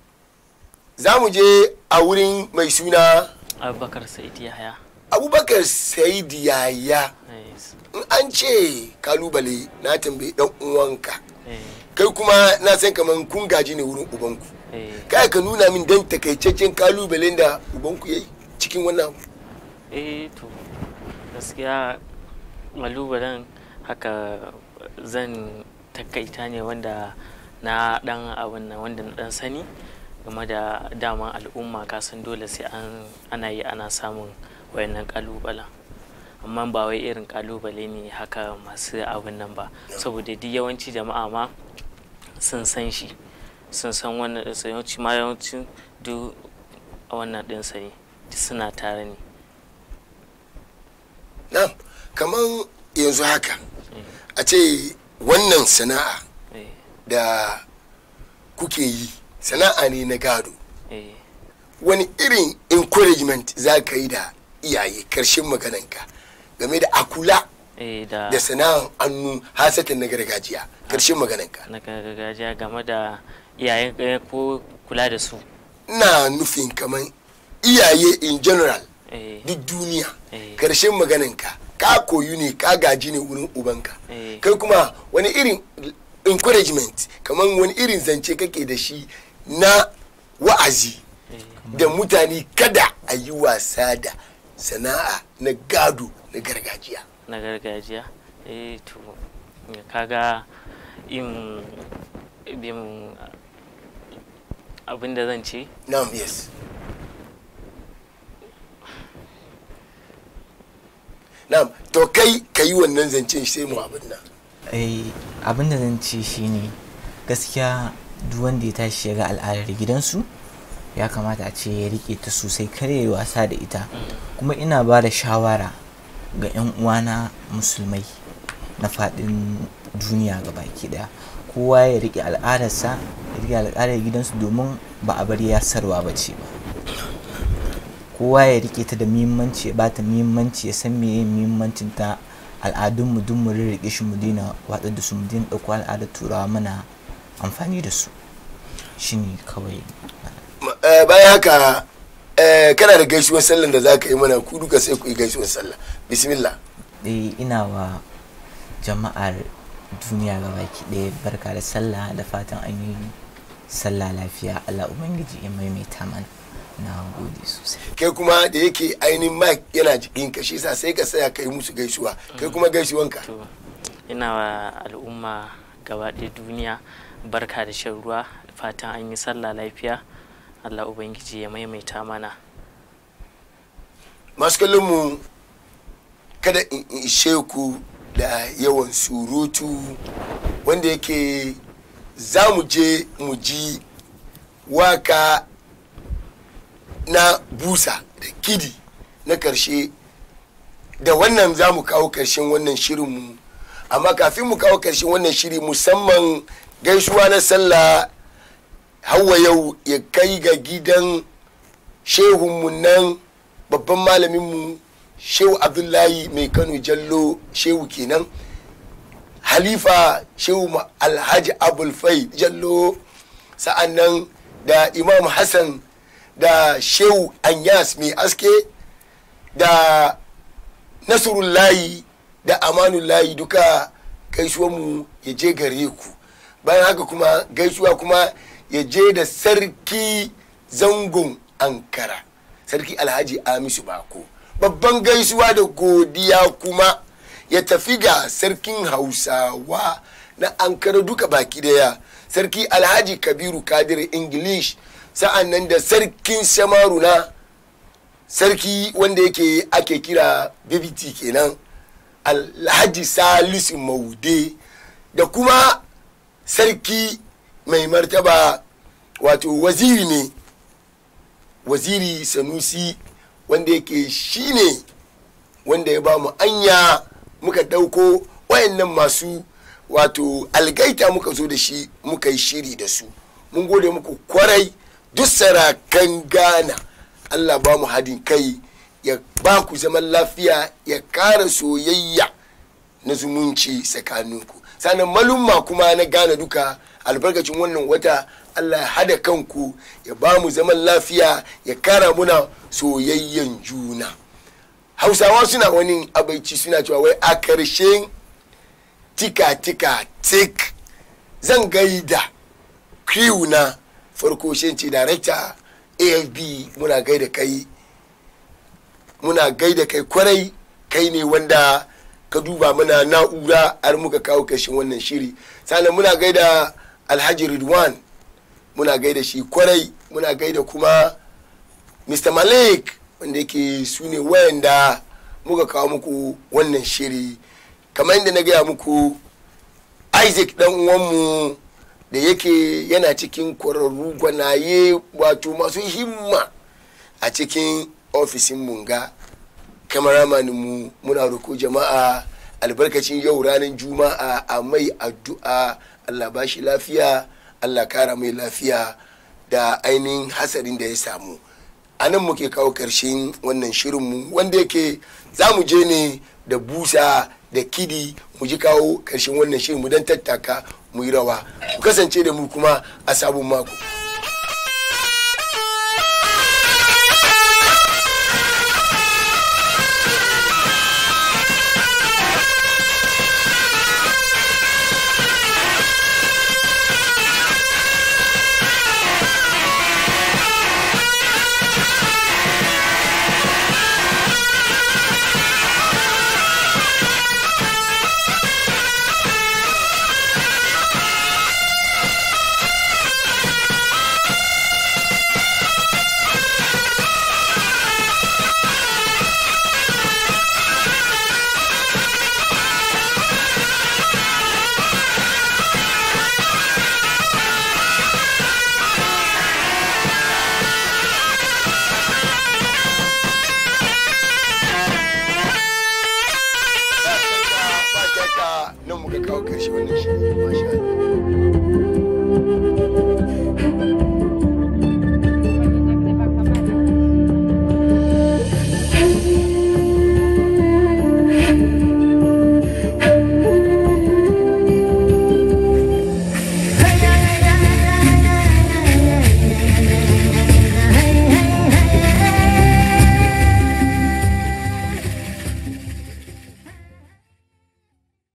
za mu je a wurin mai suna abubakar saidi yaya abubakar saidi yaya in an ce kalubale na tambayi dan uwanka eh. kai kuma na san kamar kun gaji ne wurin ubanku eh. kai ka nuna min dan takaicaccen kalubalen da ubanku yayi cikin wannan eh to gaskiya malubalen haka zan takaita ne wanda na dan abin nan wanda na dan sani game da daman al'umma kasan dole sai an ana yi ana samun wayannan kalubalen amma ba wai irin kalubale ne haka masu abin nan ba saboda duk yawanci jama'a ma sun san shi sun san wannan yawanci ma yawanci duk wannan ɗinsa sani suna tare ne kamar yanzu haka a ce wannan sana'a eh. da kuke yi sana'a ne na gado eh. wani irin encouragement za ka yi da iyaye karshen magananka game da akula eh, da sana'an annu hasatan na gargajiya karshen magananka na gargajiya game da iyaye ko kula da su na nufin kamar iyaye in general duk duniya karshen magananka ka koyu ne ka gaji ne wurin ubanka eh. kai kuma wani irin encouragement kamar wani irin zance kake da shi na wa'azi eh. da mutane kada a yi wasa da sana'a na gado na gargajiya na gargajiya eh to kaga in bin abin da zan ce na'am yes na'am to kai ka yi wannan zancen sai mu abin nan eh abin da zan ce shine gaskiya duk wanda ya tashi ya ga al'adar gidansu ya kamata a ce ya rike ta sosai kare ya wasa da ita kuma ina ba da shawara ga 'yan uwana musulmai na faɗin duniya ga baki daya kowa ya rike al'adarsa ya rike al'adar gidansu domin ba a bari ya sarwa ba ce ba kowa ya rike ta da muhimmanci ya bata muhimmanci ya san meye muhimmancin ta al'adun mu duk mu rike shi mu dina watsa da su mu dina ɗauko al'adar turawa muna amfani da su shine kawai eh, bayan haka eh, kana da gaisuwar sallan da za ka yi mana ku duka sai ku yi gaisuwar sallah bismillah eh ina wa jama'ar duniya ga baki ɗaya barka da sallah da fatan an yi sallah lafiya allah ubangiji ya maimaita mana na gode sosai kai kuma da yake ainihin mike yana jikin ka shi sa sai ka saya kai musu gaisuwa kai kuma gaisuwanka ina wa al'umma gaba duniya barka da shan ruwa fatan an yi sallah lafiya allah ubangiji ya maimaita mana masu kallonmu kada in ishe ku da yawan surutu wanda yake za mu je mu ji waka na busa da kidi na karshe da wannan za mu kawo karshen wannan mu amma kafin mu kawo karshen wannan shiri musamman gaisuwa na sallah hawa yau ya kai ga gidan shehunmu nan babban malaminmu shehu abdullahi mai kano jallo shehu kenan halifa shehu alhaji abulfai jallo sa'an nan da imam hassan da shehu anyas mai aske da layi da layi duka gaisuwanmu ya je gare ku bayan haka kuma gaisuwa kuma ya je da sarki zangon ankara sarki alhaji amisu bako babban gaisuwa da godiya kuma ya tafi ga sarkin hausawa na ankara duka baki daya sarki alhaji kabiru kadir english sa'an nan da sarkin na sarki wanda yake ake kira bbt kenan alhaji salisu maude da kuma sarki mai martaba wato waziri ne waziri sanusi wanda yake shi ne wanda ya ba mu anya muka ɗauko wayannan masu wato algaita muka zo da shi muka yi shiri da su mun gode muku kwarai duk sarakan ghana allah ba mu hadin kai ya ba ku zaman lafiya ya kara soyayya na zumunci tsakaninku sannan malumma kuma na ghana duka albarkacin wannan wata allah ya hada kanku ya ba mu zaman lafiya ya kara muna soyayyan juna hausawa suna wani abaici suna cewa wai a karshen tika tika tik zan gaida kriwuna farko ce director afb muna gaida kai muna gaida kai kwarai kai ne wanda ka duba mana na'ura har muka kawo kashin wannan shiri sannan muna gaida alhaji ridwan muna gaida shi kwarai muna gaida kuma mr malik wanda yake su ne wayanda muka kawo muku wannan shiri kamar inda na gaya muku isaac dan uwanmu da yake yana cikin kwararru gwanaye wato masu himma a cikin ofishin munga kamaramaninmu muna roko jama'a albarkacin yau ranar juma'a a mai addu'a allah bashi lafiya allah kara mai lafiya da ainihin hasarin da ya samu a nan muke kawo karshen wannan shirinmu wanda yake za mu je ne da busa da kidi mu ji kawo karshen wannan shirinmu don tattaka mu yi rawa ku kasance da mu kuma a sabon mako